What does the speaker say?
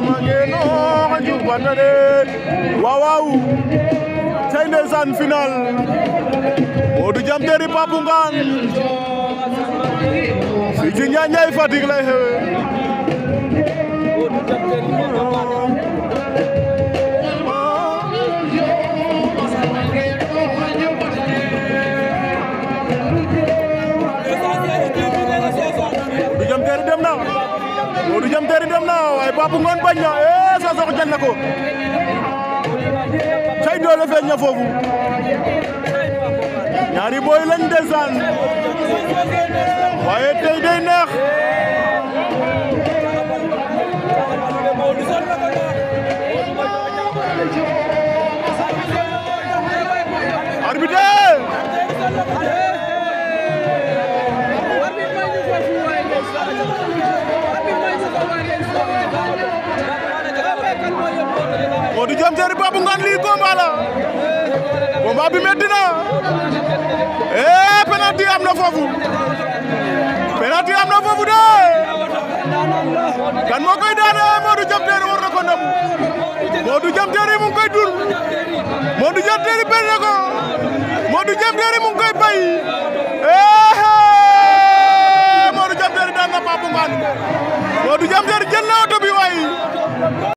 manqué non Ndiour ban na de waaw waaw tey ndeysaan final Modou Diam Terry Papo Ngane fii ci Ndiaye Ndiaye Fatick lay xewe Modou Diam Terry dem na waaye Pape Ngone bañ na eh Sosokh jël na ko cay doole feeñ na foofu ñaari booy lañ desaan Dame Seri Babou Ngane lii combat la combat bi metti na eh penalty na foofu penalty am na foofu de kan moo koy daane Modou Diam Terry war na ko namu Modou Diam mu ngi koy dul Modou Diam Terry bëri na ko Modou Diam Terry mu ngi koy bay eh, eh Modou Diam Terry daan na Babou Ngane Modou Diam Terry jël bi waay.